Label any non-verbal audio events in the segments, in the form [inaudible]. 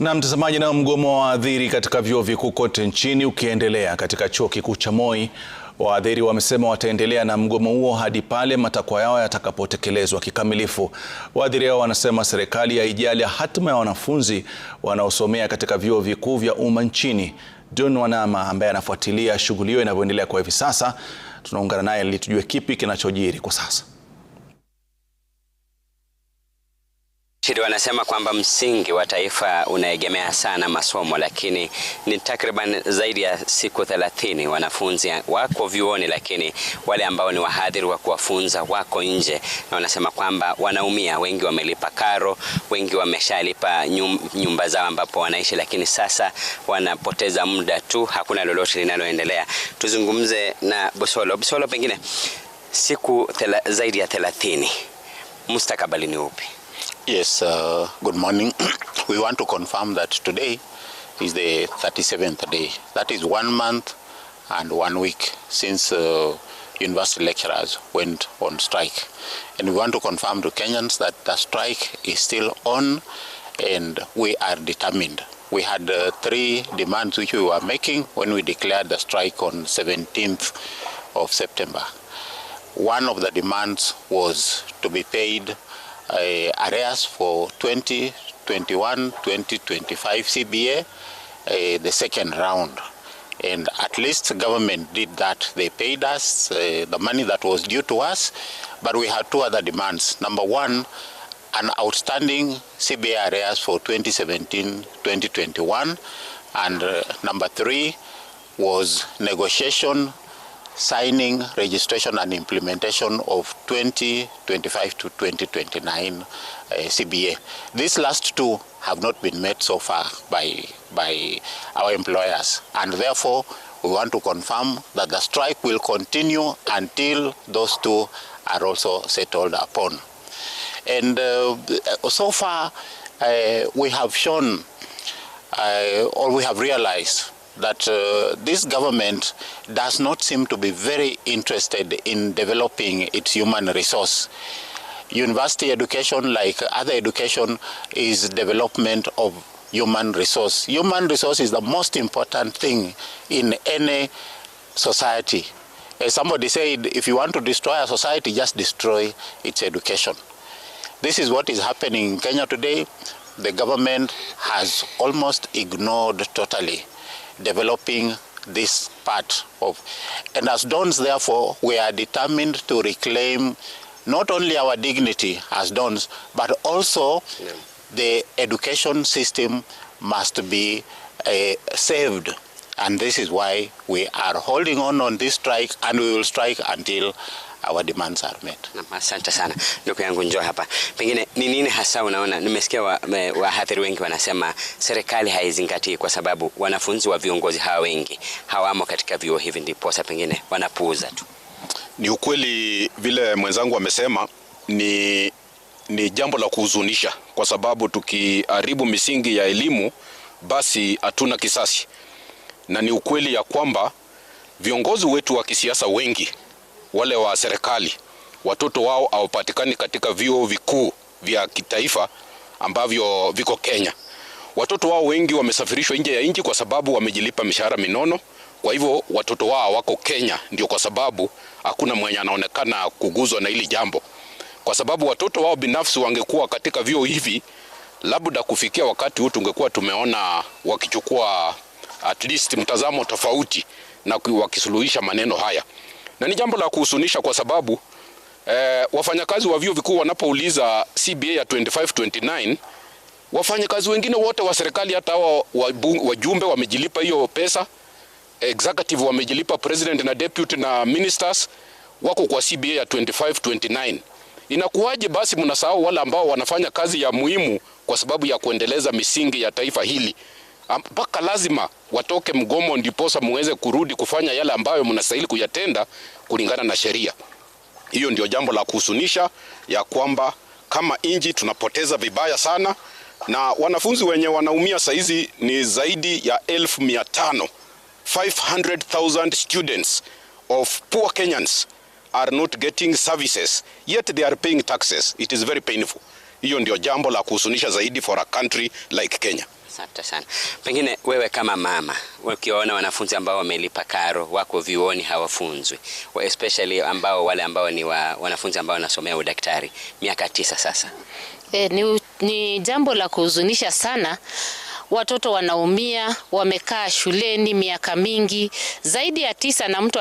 Na mtazamaji, nao mgomo wa waadhiri katika vyuo vikuu kote nchini ukiendelea, katika chuo kikuu cha Moi waadhiri wamesema wataendelea na mgomo huo hadi pale matakwa yao yatakapotekelezwa kikamilifu. Waadhiri hao wanasema serikali haijali hatima ya wanafunzi wanaosomea katika vyuo vikuu vya umma nchini. John Wanama ambaye anafuatilia shughuli hiyo inavyoendelea kwa hivi sasa, tunaungana naye ili tujue kipi kinachojiri kwa sasa. Watafiti wanasema kwamba msingi wa taifa unaegemea sana masomo, lakini ni takriban zaidi ya siku thelathini wanafunzi wako vyuoni, lakini wale ambao ni wahadhiri wa kuwafunza wako nje, na wanasema kwamba wanaumia. Wengi wamelipa karo, wengi wameshalipa nyumba zao ambapo wanaishi, lakini sasa wanapoteza muda tu, hakuna lolote linaloendelea. Tuzungumze na Busolo. Busolo, pengine siku thela, zaidi ya thelathini, mustakabali ni upi? Yes, uh, good morning. [clears throat] We want to confirm that today is the 37th day. That is one month and one week since uh, university lecturers went on strike. And we want to confirm to Kenyans that the strike is still on and we are determined. We had uh, three demands which we were making when we declared the strike on 17th of September. One of the demands was to be paid uh, arrears for 2021 2025 CBA, uh, the second round. And at least government did that. They paid us uh, the money that was due to us, but we had two other demands. Number one, an outstanding CBA arrears for 2017 2021, and uh, number three was negotiation signing, registration and implementation of 2025 to 2029 uh, CBA. These last two have not been met so far by, by our employers and therefore we want to confirm that the strike will continue until those two are also settled upon. And uh, so far uh, we have shown uh, or we have realized that uh, this government does not seem to be very interested in developing its human resource. University education, like other education, is development of human resource. Human resource is the most important thing in any society. As somebody said, if you want to destroy a society, just destroy its education. This is what is happening in Kenya today. The government has almost ignored totally developing this part of. And as Dons, therefore, we are determined to reclaim not only our dignity as Dons, but also yeah. the education system must be uh, saved. And this is why we are holding on on this strike, and we will strike until our demands are met. asante sana ndugu yangu njoo hapa. Pengine ni nini hasa unaona, nimesikia wahadhiri wa wengi wanasema serikali haizingatii kwa sababu wanafunzi wa viongozi hawa wengi hawamo katika vyuo hivi, ndiposa pengine wanapuuza tu. Ni ukweli vile mwenzangu amesema, ni, ni jambo la kuhuzunisha kwa sababu tukiharibu misingi ya elimu basi hatuna kisasi, na ni ukweli ya kwamba viongozi wetu wa kisiasa wengi wale wa serikali watoto wao hawapatikani katika vyuo vikuu vya kitaifa ambavyo viko Kenya. Watoto wao wengi wamesafirishwa nje ya nchi kwa sababu wamejilipa mishahara minono. Kwa hivyo watoto wao wako Kenya, ndio kwa sababu hakuna mwenye anaonekana kuguzwa na hili jambo, kwa sababu watoto wao binafsi wangekuwa katika vyuo hivi, labda kufikia wakati huu tungekuwa tumeona wakichukua at least mtazamo tofauti na wakisuluhisha maneno haya na ni jambo la kuhusunisha kwa sababu eh, wafanyakazi wa vyuo vikuu wanapouliza CBA ya 25 29 wafanyakazi wengine wote wa serikali hata hawa wajumbe wamejilipa hiyo pesa, executive wamejilipa, president na deputy na ministers wako kwa CBA ya 25 29. Inakuwaje basi mnasahau wale ambao wanafanya kazi ya muhimu kwa sababu ya kuendeleza misingi ya taifa hili? mpaka lazima watoke mgomo, ndiposa muweze kurudi kufanya yale ambayo mnastahili kuyatenda kulingana na sheria. Hiyo ndio jambo la kuhusunisha ya kwamba kama inji tunapoteza vibaya sana, na wanafunzi wenye wanaumia saizi ni zaidi ya elfu mia tano. 500,000 students of poor Kenyans are not getting services yet they are paying taxes. It is very painful. Hiyo ndio jambo la kuhusunisha zaidi for a country like Kenya. Asante sana. Pengine wewe kama mama, ukiwaona wanafunzi ambao wamelipa karo wako vioni hawafunzwi, especially ambao wale ambao ni wa, wanafunzi ambao wanasomea udaktari miaka tisa sasa, e, ni, ni jambo la kuhuzunisha sana watoto wanaumia, wamekaa shuleni miaka mingi zaidi ya tisa, na mtu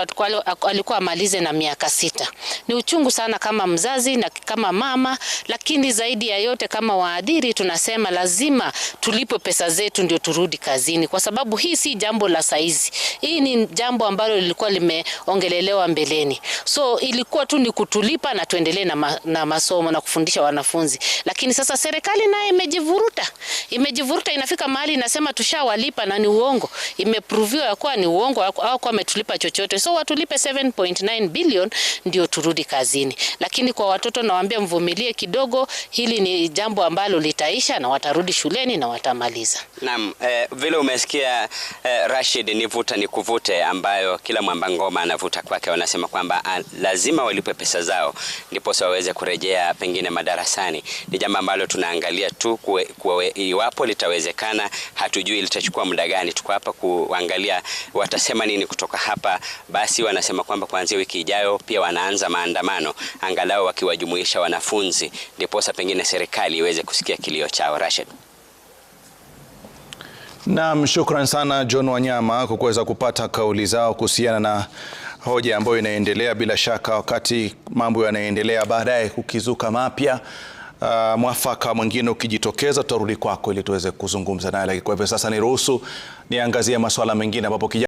alikuwa amalize na miaka sita. Ni uchungu sana kama mzazi na kama mama, lakini zaidi ya yote kama waadhiri tunasema lazima tulipwe pesa zetu ndio turudi kazini, kwa sababu hii si jambo la saizi. Hii ni jambo ambalo lilikuwa limeongelelewa mbeleni, so ilikuwa tu ni kutulipa na tuendelee na, ma, na masomo na kufundisha wanafunzi, lakini sasa serikali naye imejivuruta, imejivuruta inafika mahali inasema tushawalipa na ni uongo, imepruviwa ya kuwa ni uongo, kwa ametulipa chochote. So watulipe 7.9 billion ndio turudi kazini. Lakini kwa watoto nawaambia mvumilie kidogo, hili ni jambo ambalo litaisha na watarudi shuleni na watamaliza. Naam, eh, vile umesikia eh, Rashid, ni vuta ni kuvute ambayo kila mwamba ngoma anavuta kwake. Wanasema kwamba ah, lazima walipe pesa zao ndipo waweze kurejea pengine madarasani. Ni jambo ambalo tunaangalia tu kuwe, kuwe, iwapo litawezekana hatujui litachukua muda gani. Tuko hapa kuangalia watasema nini kutoka hapa. Basi wanasema kwamba kuanzia wiki ijayo pia wanaanza maandamano, angalau wakiwajumuisha wanafunzi, ndiposa pengine serikali iweze kusikia kilio chao. Rashid. Naam, shukran sana John Wanyama kwa kuweza kupata kauli zao kuhusiana na hoja ambayo inaendelea. Bila shaka wakati mambo yanaendelea, baadaye kukizuka mapya uh, mwafaka mwingine ukijitokeza tutarudi kwako ili tuweze kuzungumza naye, lakini kwa hivyo sasa niruhusu niangazie masuala mengine ambapo